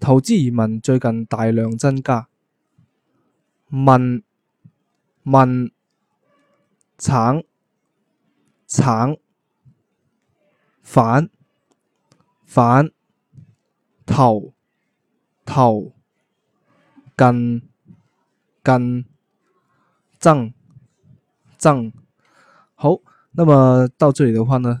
投資移民最近大量增加，問問橙橙販販投投近近增增。好，那麼到這裡的話呢，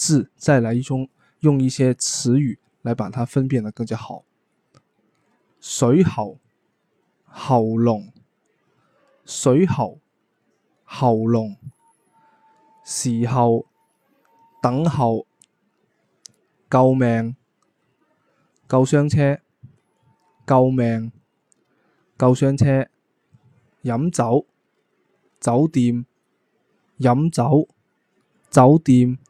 字，再來一中用一些詞語來把它分辨得更加好。水喉、喉嚨，水喉、喉嚨，時候、等候，救命、救傷車，救命、救傷車，飲酒、酒店，飲酒、酒店。飲酒、酒店，飲酒、酒店。